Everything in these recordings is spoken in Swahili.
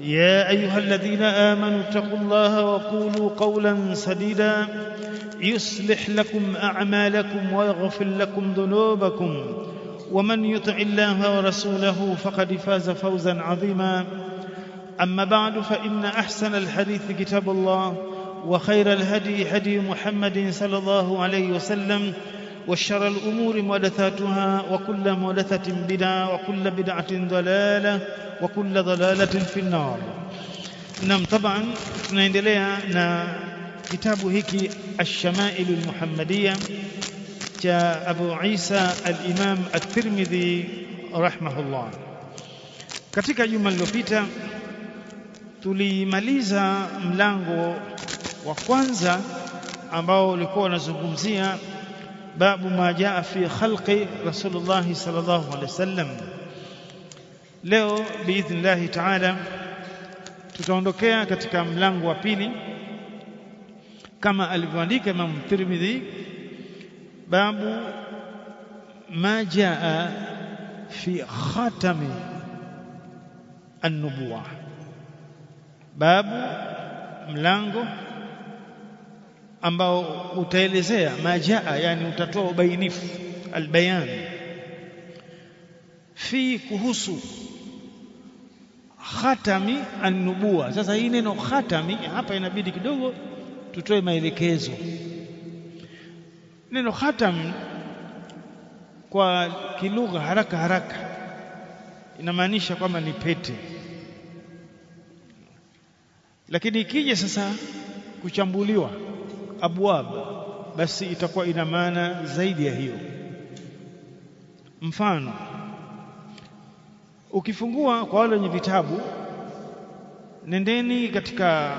يا ايها الذين امنوا اتقوا الله وقولوا قولا سديدا يصلح لكم اعمالكم ويغفر لكم ذنوبكم ومن يطع الله ورسوله فقد فاز فوزا عظيما اما بعد فان احسن الحديث كتاب الله وخير الهدي هدي محمد صلى الله عليه وسلم وشر الامور محدثاتها وكل محدثه بدعه وكل بدعه ضلاله wa kulla dhalalatin fi nnar. Naam, taban tunaendelea na kitabu hiki Alshamailu Almuhammadiya cha Abu Isa Alimam At-Tirmidhi rahimahullah. Katika juma lililopita tulimaliza mlango wa kwanza ambao ulikuwa unazungumzia babu ma jaa fi khalqi Rasulullah sallallahu alaihi wasallam Leo biidhnillahi taala tutaondokea katika mlango wa pili kama alivyoandika Imam Tirmidhi, babu ma jaa fi khatami an babu mlango ambao utaelezea majaa, yani utatoa ubainifu albayani fi kuhusu khatami an Sasa hii neno khatami hapa inabidi kidogo tutoe maelekezo. Neno khatam kwa kilugha haraka haraka inamaanisha kwamba ni pete, lakini ikija sasa kuchambuliwa abwab, basi itakuwa ina maana zaidi ya hiyo. Mfano Ukifungua kwa wale wenye vitabu, nendeni katika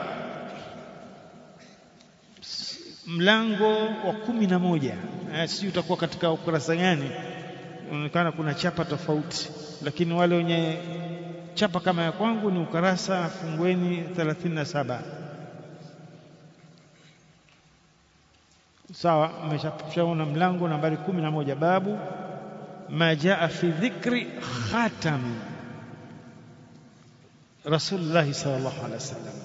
mlango wa kumi na moja. Eh, si utakuwa katika ukurasa gani? Inaonekana kuna chapa tofauti, lakini wale wenye chapa kama ya kwangu ni ukurasa fungueni 37. Sawa, mmeshaona mlango nambari kumi na moja, babu ma jaa fi dhikri khatam Rasulullah sallallahu alaihi wasallam.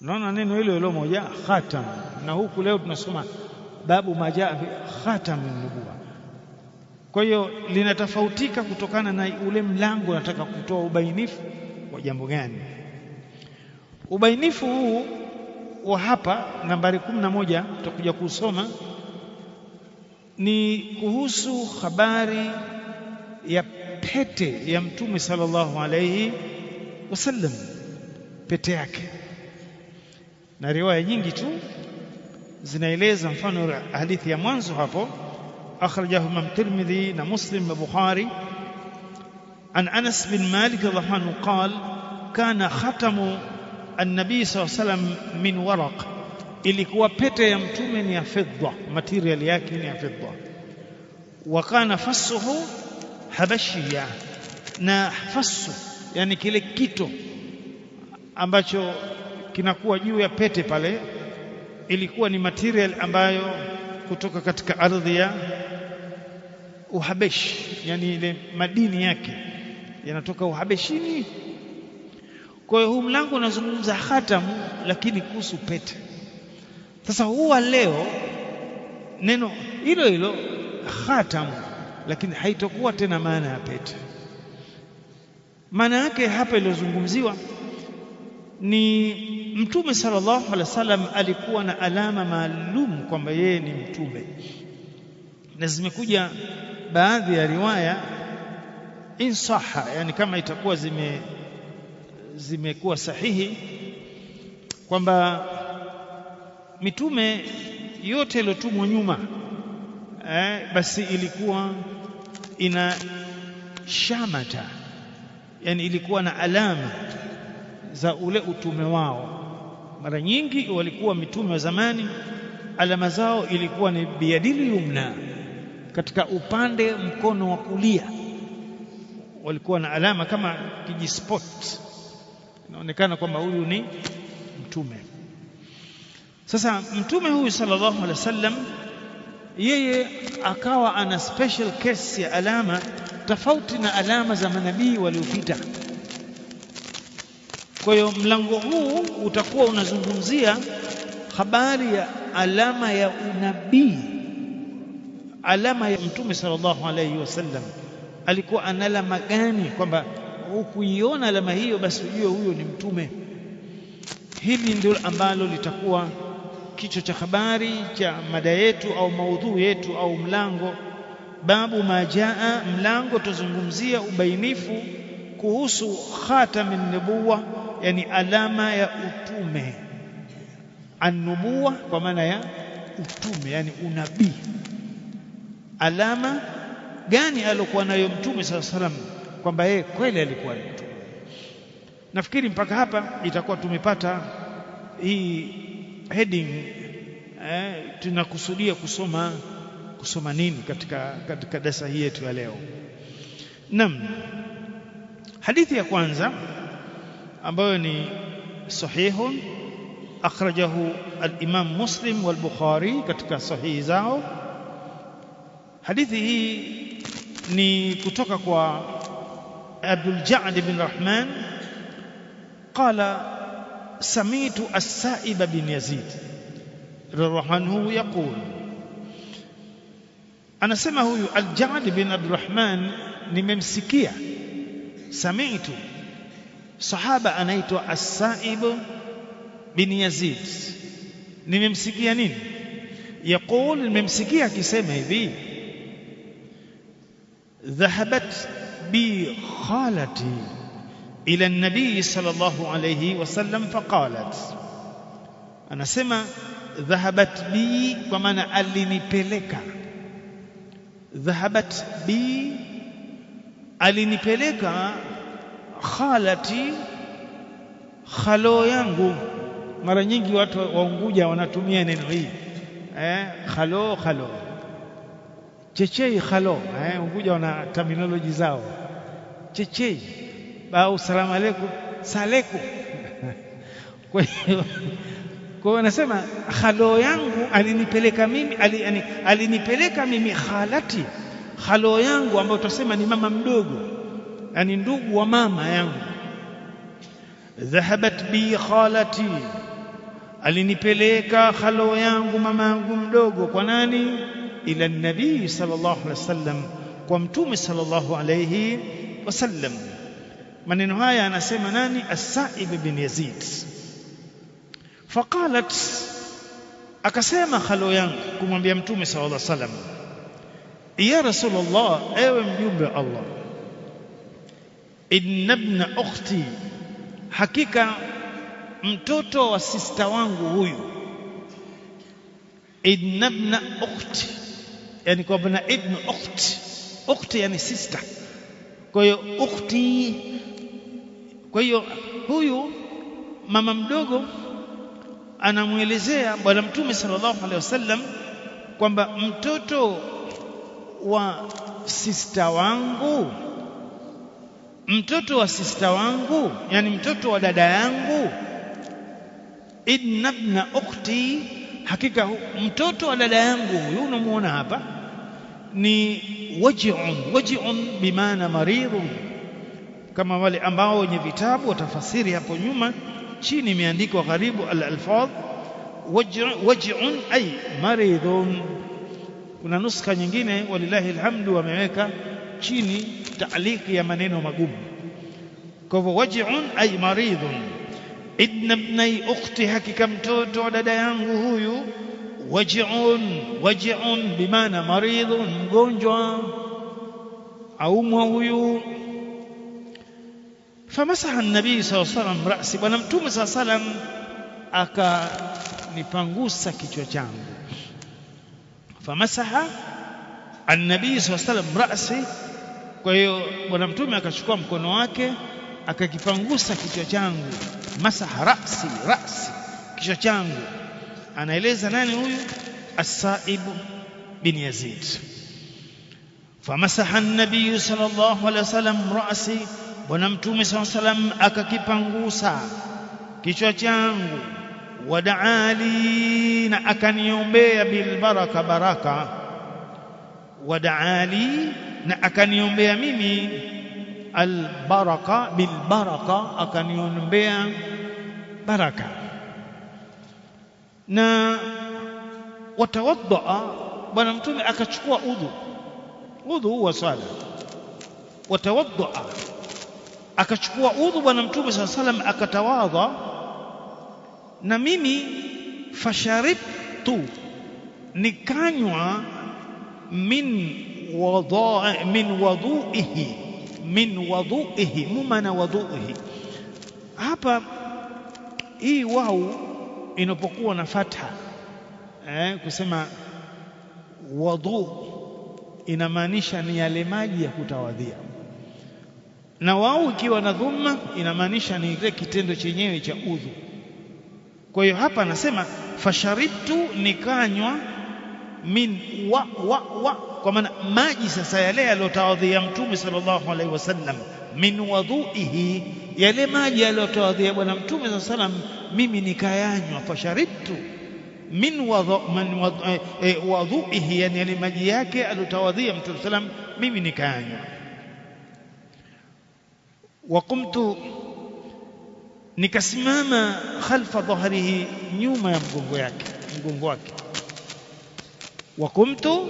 Naona neno hilo hilo moja khatam, na huku leo tunasoma babu ma jaa fi khatam nubuwa. Kwa hiyo linatofautika kutokana na ule mlango, nataka kutoa ubainifu wa jambo gani. Ubainifu huu wa hapa nambari 11 tutakuja kusoma ni kuhusu habari ya pete ya mtume sallallahu alayhi wasallam pete yake na riwaya nyingi tu zinaeleza mfano hadithi ya mwanzo hapo akhrajahu Imam Tirmidhi na Muslim na Bukhari an Anas bin Malik radhiallahu anhu qala kana khatamu an-nabi sallallahu alayhi wasallam min waraq ilikuwa pete ya mtume ni ya fedha, material yake ni ya fedha. kana fasuhu habashia, na fasu yani kile kito ambacho kinakuwa juu ya pete pale, ilikuwa ni material ambayo kutoka katika ardhi ya Uhabeshi, yani ile madini yake yanatoka Uhabeshini. Kwa hiyo huu mlango unazungumza hatamu, lakini kuhusu pete sasa huwa leo neno hilo hilo khatamu, lakini haitokuwa tena maana ya pete. Maana yake hapa iliyozungumziwa ni Mtume sallallahu alaihi wasallam alikuwa na alama maalum kwamba yeye ni mtume, na zimekuja baadhi ya riwaya insaha, yani kama itakuwa zime zimekuwa sahihi kwamba mitume yote iliyotumwa nyuma eh, basi ilikuwa ina shamata, yani ilikuwa na alama za ule utume wao. Mara nyingi walikuwa mitume wa zamani, alama zao ilikuwa ni biadili yumna, katika upande mkono wa kulia walikuwa na alama kama kijispot, inaonekana kwamba huyu ni mtume. Sasa mtume huyu sallallahu alaihi wasallam yeye akawa ana special case ya alama tofauti na alama za manabii waliopita. Kwa hiyo mlango huu utakuwa unazungumzia habari ya alama ya unabii, alama ya mtume sallallahu alaihi wasallam alikuwa ana alama gani, kwamba hukuiona alama hiyo, basi ujue huyo ni mtume. Hili ndio ambalo litakuwa kichwa cha habari cha mada yetu au maudhuu yetu au mlango babu majaa, mlango tuzungumzia ubainifu kuhusu an nubuwa, yani alama ya utume, annubuwa kwa maana ya utume, yani unabii. Alama gani aliokuwa nayo mtume sala salam, kwamba yeye kweli alikuwa mtume. Nafikiri mpaka hapa itakuwa tumepata hii heading eh, tunakusudia kusoma kusoma nini katika katika darasa hii yetu ya leo nam hadithi ya kwanza ambayo ni sahihun akhrajahu al-Imam Muslim wal Bukhari katika sahihi zao hadithi hii ni kutoka kwa Abdul Ja'd bin Rahman qala سميت السائب بن يزيد رضي الله يقول anasema huyu Al-Ja'd bin Abdurrahman nimemsikia sami'tu sahaba anaitwa As-Sa'ib bin Yazid nimemsikia nini يقول nimemsikia akisema hivi dhahabat bi khalati ila nabii sallallahu alayhi wasallam faqalat, anasema dhahabat bi, kwa maana alinipeleka. Dhahabat bi, alinipeleka khalati, khalo yangu. Mara nyingi watu wa Unguja wanatumia neno hili eh, khalo khalo, chechei khalo eh, Unguja wana terminology zao chechei au salamu aleikum saleku. Kwa hiyo kwa anasema halo yangu alinipeleka mimi alini, alinipeleka mimi khalati, halo yangu ambayo tutasema ni mama mdogo, yani ndugu wa mama yangu. Dhahabat bi khalati, alinipeleka halo yangu mama yangu mdogo kwa nani? Ila nabii sallallahu alaihi wasallam, kwa mtume sallallahu alaihi wasallam maneno haya anasema nani as-Sa'ib bin Yazid faqalat akasema khalo yangu kumwambia mtume sallallahu alaihi wasallam ya rasulullah ewe mjumbe wa Allah inna ibna ukhti hakika mtoto wa sista wangu huyu inna ibna ukhti yani kwa ibn ukhti ukhti yani sister kwa hiyo ukhti kwa hiyo huyu mama mdogo anamuelezea bwana mtume sallallahu alaihi wasallam kwamba mtoto wa sista wangu mtoto wa sista wangu yani mtoto wa dada yangu inna ibna ukhti hakika mtoto wa dada yangu huyu unamuona hapa ni waji'un waji'un bimaana maridhun kama wale ambao wenye vitabu watafasiri hapo nyuma chini imeandikwa gharibu al-alfadh waj'un ay maridhun kuna nuskha nyingine walillahi alhamdu wameweka chini taaliki ya maneno magumu kwa hivyo waj'un ay maridhun idna bnai ukhti hakika mtoto wa dada yangu huyu waj'un waj'un bimaana maridhun mgonjwa aumwa huyu famasaha nabii saw salam rasi bwana mtume saw salam akanipangusa kichwa changu famasaha annabii saw salam rasi kwa hiyo bwana mtume akachukua mkono wake akakipangusa kichwa changu masaha rasi rasi kichwa changu anaeleza nani huyu as bin yazid famasaha an-nabiy sallallahu alaihi wasallam ra'si Bwana Mtume saa salam akakipangusa kichwa changu, wadaali, na akaniombea bilbaraka baraka, wadaali, na akaniombea mimi albaraka, bilbaraka, akaniombea baraka na watawaddaa. Bwana Mtume akachukua udhu, udhu huwa swala, watawaddaa akachukua udhu bwana mtume saa salam akatawadha na mimi fasharibtu nikanywa min wadaa min waduihi min waduihi mumana wadhuihi hapa hii wau inapokuwa na fatha eh, kusema wadhu inamaanisha ni yale maji ya kutawadhia na wau ikiwa na dhumma inamaanisha ni ile kitendo chenyewe cha udhu. Kwa hiyo hapa anasema fasharibtu, nikanywa min wa, wa, wa, kwa maana maji sasa yale yaliyotawadhia Mtume sallallahu alaihi wasallam min wadhuihi, yale maji aliyotawadhia Bwana Mtume sallallahu alaihi wasallam, mimi nikayanywa. Fasharibtu min eh, eh, wadhuihi, yani yale maji yake aliyotawadhia Mtume sallallahu alaihi wasallam, mimi nikayanywa وقمت nikasimama khalfa dhahrihi nyuma ya mgongo yake mgongo wake wakumtu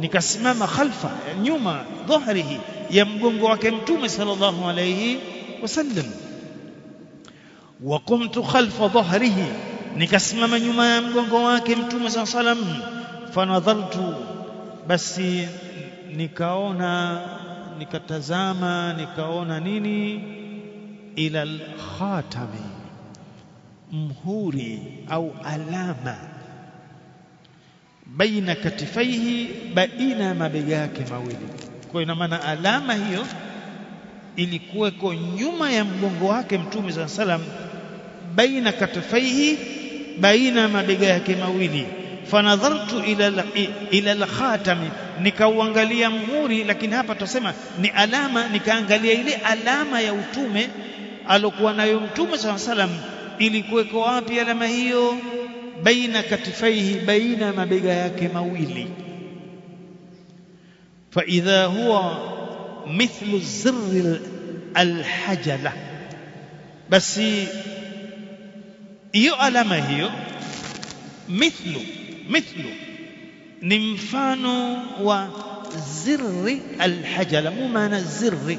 nikasimama khalfa nyuma dhahrihi ya mgongo wake mtume sallallahu alayhi wasallam wakumtu khalfa dhahrihi nikasimama nyuma ya mgongo wake mtume sallallahu alayhi wasallam fanadhartu basi nikaona nikatazama nikaona nini, ila lkhatami, mhuri au alama, baina katifaihi, baina ya mabega yake mawili. Kwa ina maana alama hiyo ilikuweko nyuma ya mgongo wake Mtume saa salam, baina katifaihi, baina ya mabega yake mawili fanadhartu ila ila alkhatami, nikauangalia mhuri. Lakini hapa tutasema ni alama, nikaangalia ile alama ya utume alokuwa nayo Mtume sala salam, ili kuweko wapi alama hiyo? Baina katifaihi, baina ya mabega yake mawili. Fa idha huwa mithlu zirri alhajala, basi hiyo alama hiyo mithlu مثله ni mfano wa zirri alhajala mu maana zirri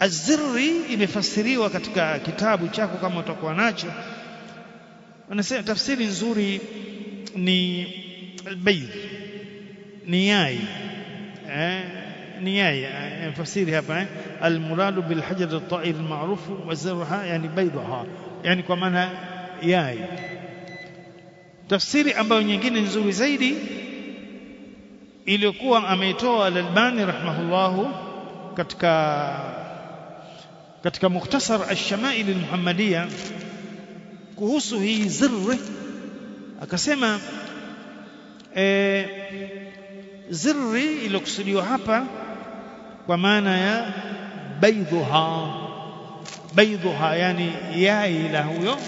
azirri imefasiriwa katika kitabu chako kama utakuwa nacho wanasema tafsiri nzuri ni albayd ni yai eh ni yai tafsiri hapa eh almuradu bilhajar alta'ir alma'ruf wa zirha yani baydaha yani kwa maana yai tafsiri ambayo nyingine nzuri zaidi iliyokuwa ameitoa Al-Albani rahimahullahu katika katika mukhtasar ash-shamail al-muhammadiyya kuhusu hii zirri akasema e, zirri iliyokusudiwa hapa kwa maana ya baydhuha baydhuha yani yai la huyo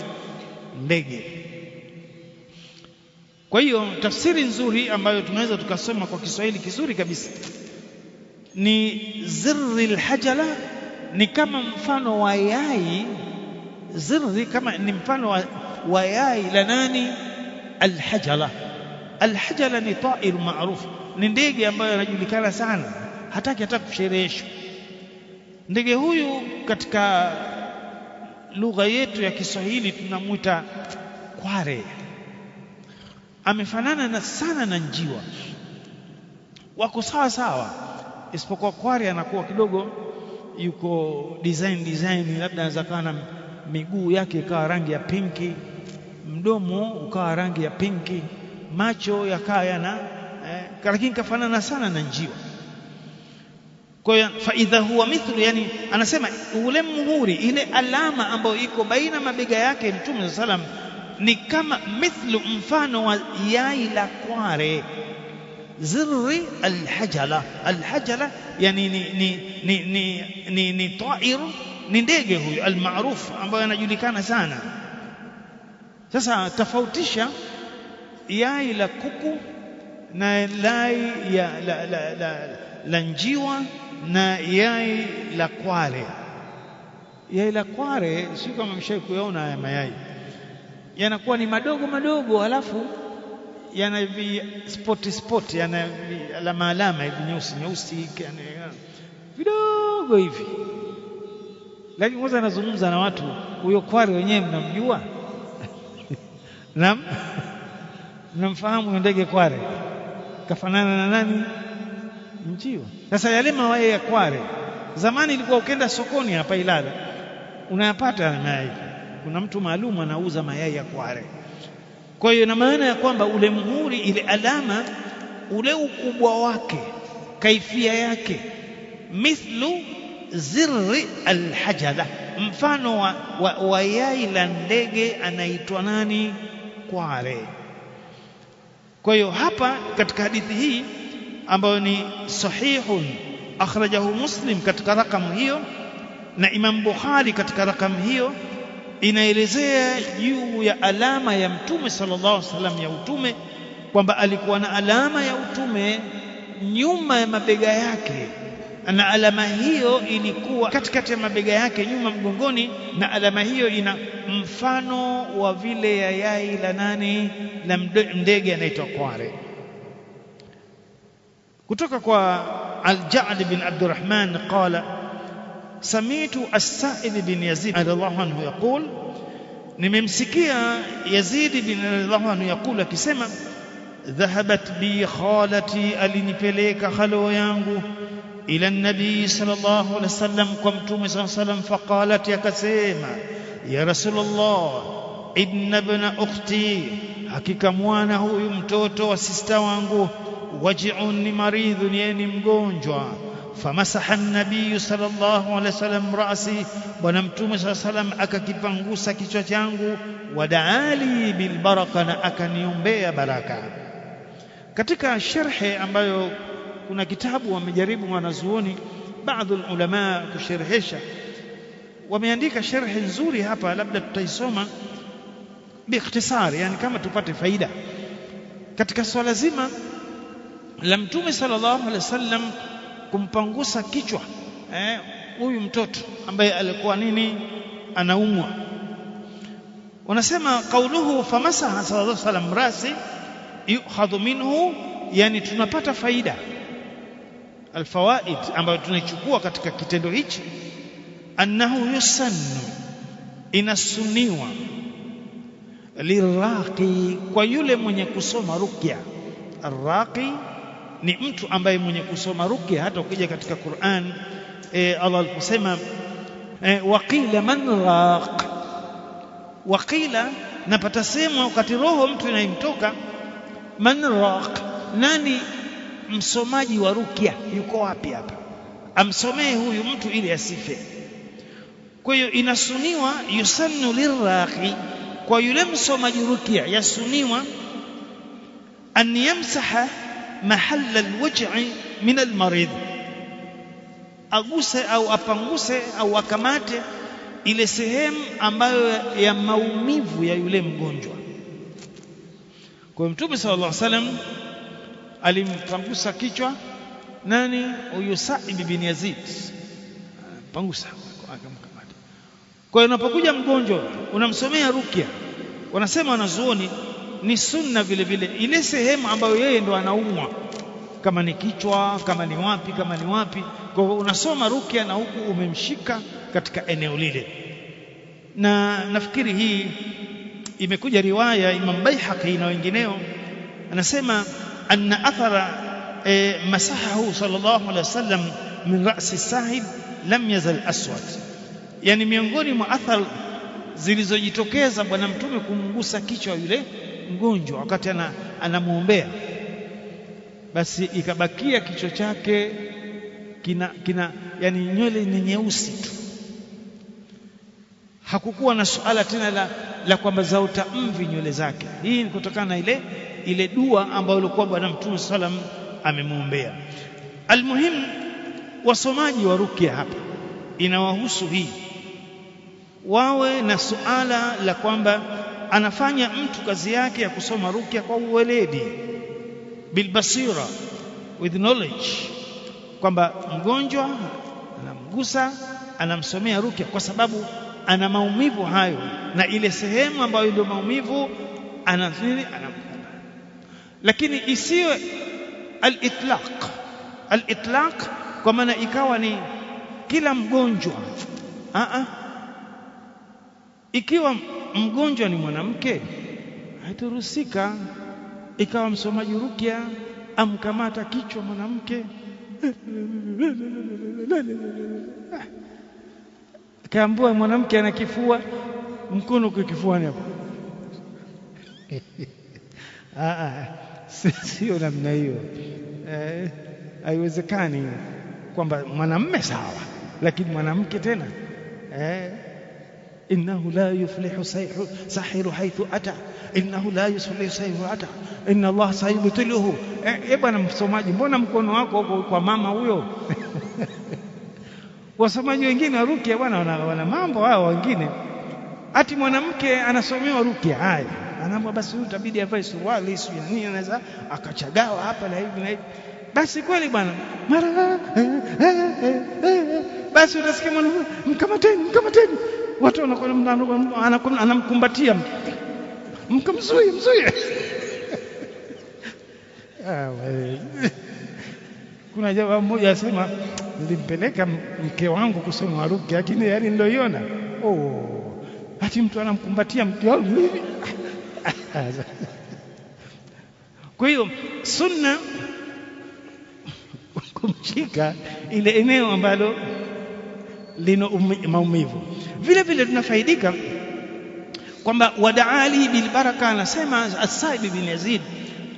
ndege kwa hiyo tafsiri nzuri ambayo tunaweza tukasoma kwa Kiswahili kizuri kabisa ni zirri lhajala, ni kama mfano wa yai. Zirri kama ni mfano wa, wa yai la nani? Alhajala. Alhajala ni tair maarufu, ni ndege ambayo anajulikana sana, hataki hata kushereheshwa. Ndege huyu katika lugha yetu ya Kiswahili tunamwita kware amefanana na sana na njiwa, wako sawa sawa, isipokuwa kware anakuwa kidogo yuko design design, labda anaweza kawa na miguu yake ikawa rangi ya pinki, mdomo ukawa rangi ya pinki, macho yakawa yana eh, lakini kafanana sana na njiwa. Kwa hiyo fa idha huwa mithlu, yani anasema ule muhuri, ile alama ambayo iko baina mabega yake Mtume sallallahu alaihi wasallam ni kama mithlu mfano wa yai la kware zirri alhajala alhajala yani ni ni ni ni ni, ni ta'ir ni ndege huyu almaruf ambaye anajulikana sana sasa tofautisha yai la kuku na lai ya la, la, la, la njiwa na yai la kware yai la kware si kama mshaikuyaona haya mayai yanakuwa ni madogo madogo, halafu yana spot spot, yana alama alama hivi nyeusi nyeusi vidogo hivi. Lakini kwanza anazungumza na watu, huyo kware wenyewe mnamjua nam mnamfahamu huyo ndege kware, kafanana na nani? Mjiwa. Sasa yale mawaya ya kware, zamani ilikuwa ukenda sokoni hapa Ilala unayapata mayai kuna mtu maalum anauza mayai ya kware. Kwa hiyo ina maana ya kwamba ule muhuri, ile alama, ule ukubwa wake, kaifia yake, mithlu zirri alhajala, mfano wa, wa, wa yai la ndege anaitwa nani? Kware. Kwa hiyo hapa katika hadithi hii ambayo ni sahihun akhrajahu Muslim katika rakamu hiyo na Imam Bukhari katika rakamu hiyo inaelezea juu ya alama ya mtume sallallahu alaihi wasallam ya utume kwamba alikuwa na alama ya utume nyuma ya mabega yake, na alama hiyo ilikuwa katikati ya mabega yake nyuma mgongoni, na alama hiyo ina mfano wa vile ya yai la nani la ndege anaitwa kware. Kutoka kwa Al-Ja'd bin Abdurrahman qala سميت السائد بن يزيد رضي الله عنه يقول نممسكيا يزيد بن رضي الله عنه يقول لك ذهبت بي خالتي أليني فليك خلو يانغو إلى النبي صلى الله عليه وسلم قمت صلى الله عليه وسلم فقالت يا كسيمة يا رسول الله إن ابن أختي حقيقة موانه يمتوتو وسستوانغو وجع مريض يعني مجونجوان فمسح النبي صلى الله عليه وسلم رأسي ونمتوم صلى الله عليه وسلم أكاكي فانغوسا كيشوتيانغو ودعالي بالبركة أكاني يمبيا بركة كتيكا شرح أمبايو كنا كتاب ومجرب ونزوني بعض العلماء كشرحيشة ومياندika شرح زوري هابا لابد التايسوما باختصار يعني كما تبات فايدة كتك سوالزيما لم تومي صلى الله عليه وسلم kumpangusa kichwa eh, huyu eh, mtoto ambaye alikuwa nini anaumwa wanasema kauluhu famasaha sallallahu alaihi wasallam rasi yukhadhu minhu yani tunapata faida alfawaid ambayo tunaichukua katika kitendo hichi annahu yusannu inasuniwa liraqi kwa yule mwenye kusoma ruqya arraqi ni mtu ambaye mwenye kusoma ruki Hata ukija katika Qur'an e, Allah aliposema e, waqila man raq waqila, napata sehemu wakati roho mtu inaimtoka man raq, nani msomaji wa rukia yuko wapi hapa, amsomee huyu mtu ili asife. Kwa hiyo inasuniwa yusannu lirraqi, kwa yule msomaji rukia yasuniwa an yamsaha محل الوجع min المريض aguse au apanguse au akamate ile sehemu ambayo ya maumivu ya yule mgonjwa kwa mtume sallallahu alaihi wasallam alimpangusa kichwa nani huyu Sa'ib bin Yazid pangusa akamkamata kwa hiyo unapokuja mgonjwa unamsomea rukia wanasema wanazuoni ni sunna vile vile ile sehemu ambayo yeye ndo anaumwa, kama ni kichwa, kama ni wapi, kama ni wapi. Kwa hivyo unasoma rukia na huku umemshika katika eneo lile, na nafikiri hii imekuja riwaya Imam Baihaqi na wengineo, anasema anna athara e, masahahu sallallahu alaihi wasallam min ra'si sahib lam yazal aswad, yani miongoni mwa athari zilizojitokeza Bwana Mtume kumgusa kichwa yule mgonjwa wakati anamwombea, basi ikabakia kichwa chake kina, kina yani nywele ni nyeusi tu. Hakukuwa na suala tena la, la kwamba zaota mvi nywele zake. Hii ni kutokana na ile ile dua ambayo ilikuwa Bwana Mtume salam amemwombea. Almuhimu, wasomaji wa rukia hapa inawahusu hii, wawe na suala la kwamba anafanya mtu kazi yake ya kusoma rukya kwa uweledi bilbasira with knowledge kwamba mgonjwa anamgusa anamsomea rukya kwa sababu ana maumivu hayo na ile sehemu ambayo ndio maumivu anazili anamkana lakini isiwe al-itlaq al-itlaq kwa maana ikawa ni kila mgonjwa a ah, a ah, ikiwa mgonjwa ni mwanamke haituruhusika ikawa msomaji rukia amkamata kichwa mwanamke kaambua mwanamke ana kifua mkono kwa kifuani hapo ah, ah, sio namna hiyo eh, haiwezekani kwamba mwanamme sawa lakini mwanamke tena eh إنه لا يفلح ساحر حيث أتى إنه لا يفلح ساحر أتى إن الله سيبطله eh bwana msomaji mbona mkono wako kwa mama huyo wasomaji wengine wa rukia bwana wana mambo hao wengine ati mwanamke anasomewa rukia haya anaambwa basi huyu itabidi avae suruali sio nini anaweza akachagawa hapa na hivi na hivi basi kweli bwana mara eh, eh, eh, basi utasikia mwanamke mkamateni mkamateni watu wanakuwa mtu mkamzuie mzuie ah, kuna jamaa mmoja asema nilimpeleka mke wangu kusoma Waruki, lakini yaani niloiona oh, ati mtu anamkumbatia mke wangu Kwa hiyo sunna kumshika ile eneo ambalo lina maumivu vile vile tunafaidika kwamba wadaali bil baraka anasema asaib bin Yazid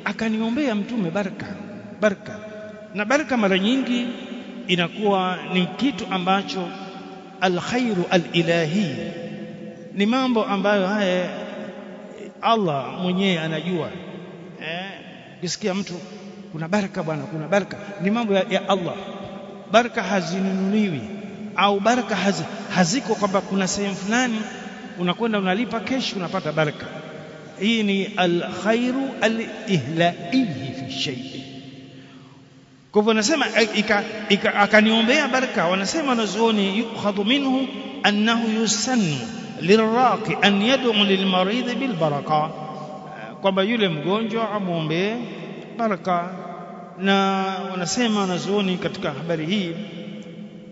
akaniombea mtume baraka baraka na baraka mara nyingi inakuwa ni kitu ambacho alkhairu alilahi ni mambo ambayo haya Allah mwenyewe anajua eh ukisikia mtu kuna baraka bwana kuna baraka ni mambo ya, ya Allah baraka hazinunuliwi au baraka hazi, haziko kwamba kuna sehemu fulani unakwenda unalipa keshi unapata baraka. Hii ni alkhairu alihlaihi fi shay'i. Kwa hivyo nasema akaniombea baraka, wanasema wanazuoni yukhadhu minhu annahu yusannu lirraqi an yad'u lilmaridhi bilbaraka, kwamba yule mgonjwa amwombee baraka. Na wanasema wanazuoni katika habari hii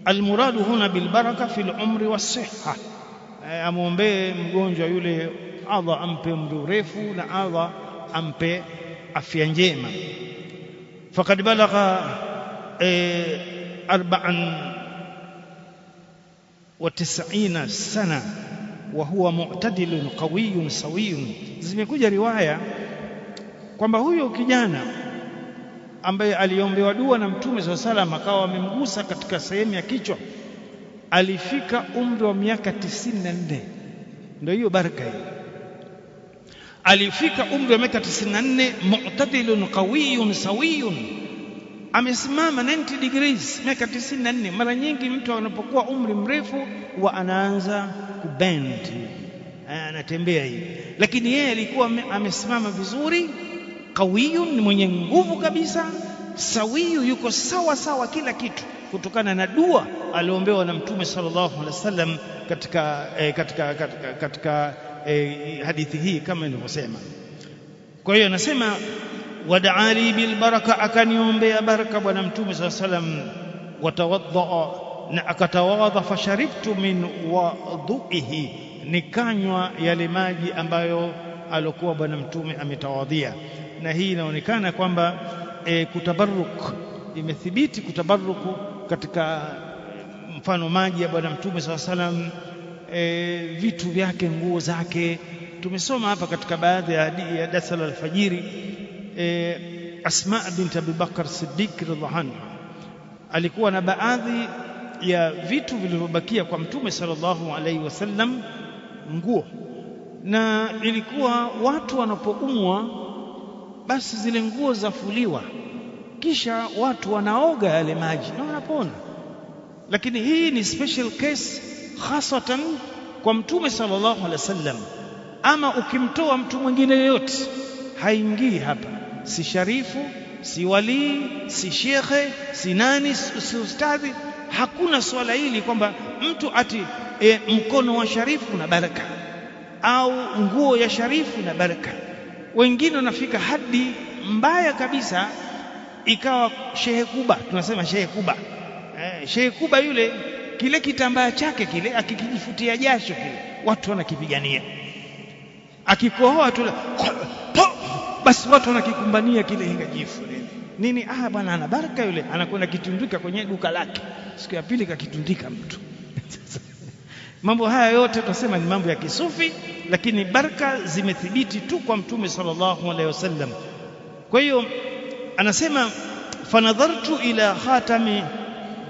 almuradu huna bilbaraka fil umri wasiha e, amwombee mgonjwa yule Allah ampe umri urefu na Allah ampe afya njema. Faqad balagha e, arbaan wa tisina sana wa huwa mu'tadilun qawiyun sawiyun. Zimekuja riwaya kwamba huyo kijana ambaye aliombewa dua na Mtume swalla salam akawa amemgusa katika sehemu ya kichwa, alifika umri wa miaka 94. Ndio hiyo baraka hiyo. Alifika umri wa miaka 94, mu'tadilun qawiyun sawiyun, amesimama 90 degrees, miaka 94. Mara nyingi mtu anapokuwa umri mrefu huwa anaanza kubend, anatembea hivi, lakini yeye alikuwa amesimama vizuri qawiyun, mwenye nguvu kabisa. Sawiyu, yuko sawa sawa kila kitu, kutokana na dua aliombewa na Mtume sallallahu alaihi wasallam katika, eh, katika, katika, katika eh, hadithi hii kama nilivyosema. Kwa hiyo anasema bil bilbaraka, akaniombea baraka Bwana Mtume sallallahu alaihi wasallam, watawadhaa na akatawadha, fasharibtu min wadhuihi, nikanywa yale maji ambayo alokuwa Bwana Mtume ametawadhia na hii inaonekana kwamba e, kutabaruk imethibiti kutabaruku katika mfano maji ya Bwana Mtume saa salam, e, vitu vyake, nguo zake. Tumesoma hapa katika baadhi ya darsa la alfajiri e, Asma bint Abi Bakar Siddiq radhiallahu anhu alikuwa na baadhi ya vitu vilivyobakia kwa Mtume sallallahu alaihi wasallam, nguo na ilikuwa watu wanapoumwa basi zile nguo zafuliwa, kisha watu wanaoga yale maji na wanapona. Lakini hii ni special case hasatan kwa Mtume sallallahu alaihi wasallam. Ama ukimtoa mtu mwingine yoyote haingii hapa, si sharifu, si walii, si shekhe, si nani, si ustadhi. Hakuna swala hili kwamba mtu ati e, mkono wa sharifu na baraka au nguo ya sharifu na baraka wengine wanafika hadi mbaya kabisa, ikawa shehe kuba, tunasema shehe kuba eh, shehe kuba yule, kile kitambaa chake kile akikijifutia jasho kile watu wanakipigania, akikohoa tu basi watu wanakikumbania kile hingajifu nini. Ah, bwana ana baraka yule, anakwenda kitundika kwenye duka lake, siku ya pili kakitundika mtu Mambo haya yote tunasema ni mambo ya kisufi, lakini baraka zimethibiti tu kwa Mtume sallallahu alaihi wasallam. Kwa hiyo anasema fanadhartu ila khatami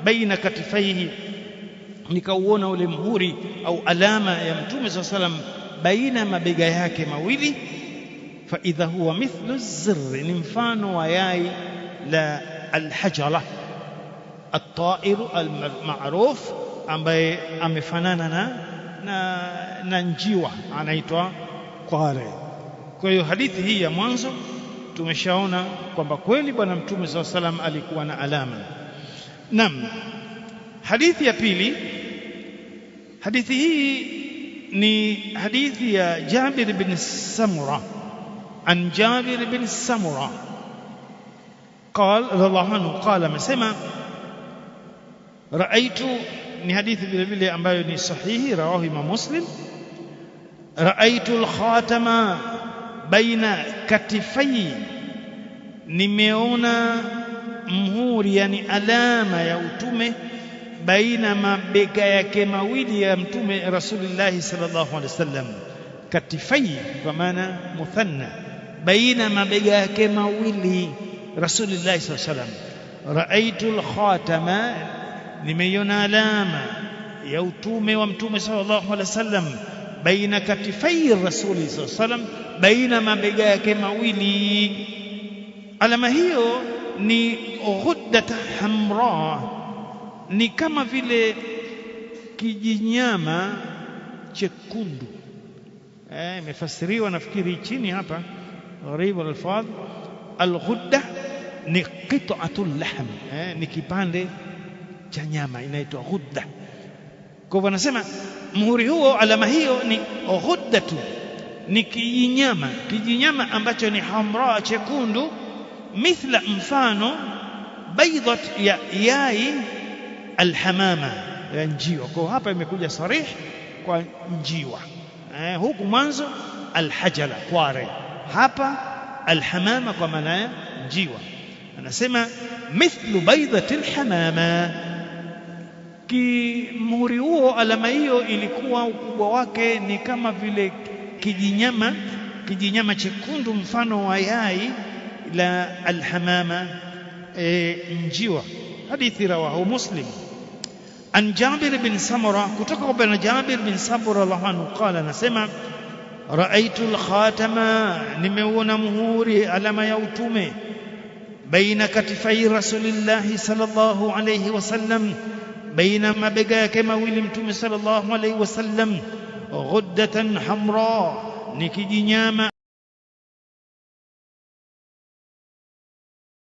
baina katifaihi, nikauona ule mhuri au alama ya Mtume sallallahu salam wasallam baina mabega yake mawili. Fa idha huwa mithlu zirri, ni mfano wa yai la alhajara altairu almaruf ambaye amefanana na, na, na njiwa anaitwa kware. Kwa hiyo hadithi hii ya mwanzo tumeshaona kwamba kweli Bwana Mtume saa salam alikuwa na alama. Naam, hadithi ya pili, hadithi hii ni hadithi ya Jabir bin Samura an Jabir bin Samura qala radhiallahu anhu qala, amesema raaitu ni hadithi vile vile ambayo ni sahihi, rawahu Imam Muslim. Raaitu lkhatama baina katifai, nimeona mhuri, yani alama ya utume baina mabega yake mawili ya mtume Rasulillahi sallallahu alaihi wasallam. Katifai kwa maana muthanna, baina mabega yake mawili Rasulillahi sallallahu alaihi wasallam. Raaitu lkhatama nimeiona alama ya utume wa mtume sallallahu alaihi wasallam baina katifai rasuli sallallahu alaihi wasallam, baina mabega yake mawili. Alama hiyo ni ghuddat hamra, ni kama vile kijinyama chekundu. Eh, imefasiriwa eh, nafikiri chini hapa gharibu alfadh. Alghudda ni qit'atul lahm, eh, ni kipande cha nyama inaitwa ghudda. Kwa hivyo anasema muhuri huo, alama hiyo ni ghuddatu, ni kijinyama, kijinyama ambacho ni hamra, chekundu, mithla, mfano baidhat ya yai alhamama, ya njiwa. Kwa hapa imekuja sarih kwa njiwa eh, huku mwanzo alhajala kware, hapa alhamama kwa maana ya njiwa. Anasema mithlu baidhati alhamama Kimuhuri huo alama hiyo ilikuwa ukubwa wake ni kama vile kijinyama, kijinyama chekundu mfano wa yai la alhamama e, njiwa. Hadithi rawahu Muslim an Jabir bin Samura, kutoka kwa Jabir bin Samura radhiallahu anhu qala, anasema raaitu alkhatama, nimeuona muhuri alama ya utume, baina katifai rasulillahi sallallahu alayhi wasallam بين بقى كما متوم صلى الله عليه وسلم غدة حمراء نكجي نياما